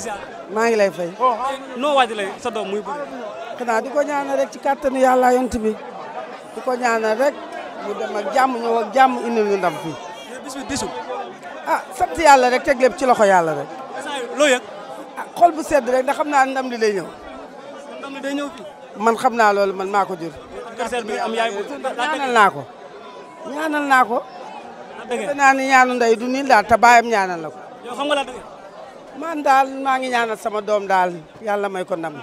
lay ziar. maa ngi lay fay. Oh, ah, noo waajalee sa doom muy bëri. di ko ñaanal rek ci kàttanu yàlla yont bi di ko ñaanal rek mu dem ak jàmm ñëw ak jàmm indil ñu ndam fii. bis bi ah, rek teg lépp ci loxo yàlla rek. loo ah, xol bu sedd rek ndax xam naa ndam li day ñëw. ndam li day ñëw man xam naa loolu man maa ko jur. adversaire bi am yaay ñaanal naa ko. ñaanal naa ko. dëgg la ñaanu ndey du nii daal te ñaanal la ko. man daal maa ngi ñaanal sama doom daal yàlla may ko ndam.